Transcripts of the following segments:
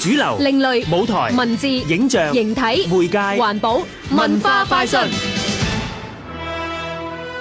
主流、另類、舞台、文字、影像、形體、媒介、環保、文化快訊。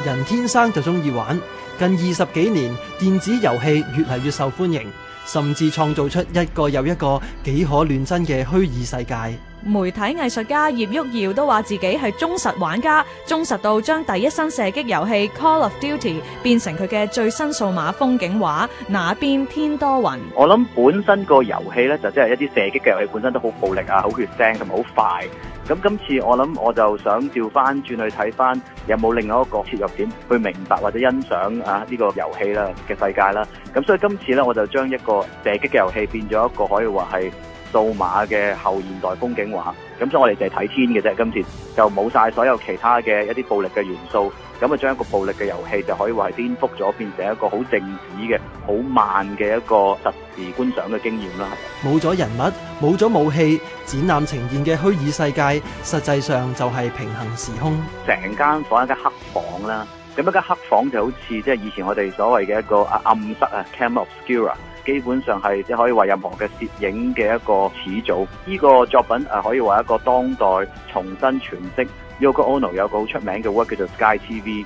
人天生就中意玩，近二十幾年，電子遊戲越嚟越受歡迎。甚至創造出一個又一個幾可亂真嘅虛擬世界。媒體藝術家葉旭耀都話自己係忠實玩家，忠實到將第一身射擊遊戲《Call of Duty》變成佢嘅最新數碼風景畫。那邊天多雲。我諗本身個遊戲呢，就即係一啲射擊嘅遊戲，就是，遊戲本身都好暴力啊，好血腥同埋好快。咁今次我諗我就想調翻轉去睇翻，有冇另外一個切入點去明白或者欣賞啊呢個遊戲啦嘅世界啦。咁所以今次呢，我就將一個射擊嘅遊戲變咗一個可以話係。數碼嘅後現代風景畫，咁所以我哋就係睇天嘅啫。今次就冇晒所有其他嘅一啲暴力嘅元素，咁啊將一個暴力嘅遊戲就可以話係顛覆咗，變成一個好靜止嘅、好慢嘅一個實時觀賞嘅經驗啦。冇咗人物，冇咗武器，展覽呈現嘅虛擬世界，實際上就係平行時空，成間房一間黑房啦。咁一間黑房就好似即係以前我哋所謂嘅一個啊暗室啊，camera obscura，基本上係即係可以話任何嘅攝影嘅一個始祖。呢、這個作品啊，可以話一個當代重新詮釋。Yoko Ono 有個好出名嘅 work 叫做 Sky TV。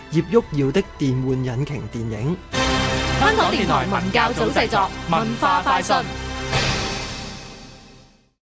葉旭耀的電玩引擎電影。香港電台文教組製作，文化快訊。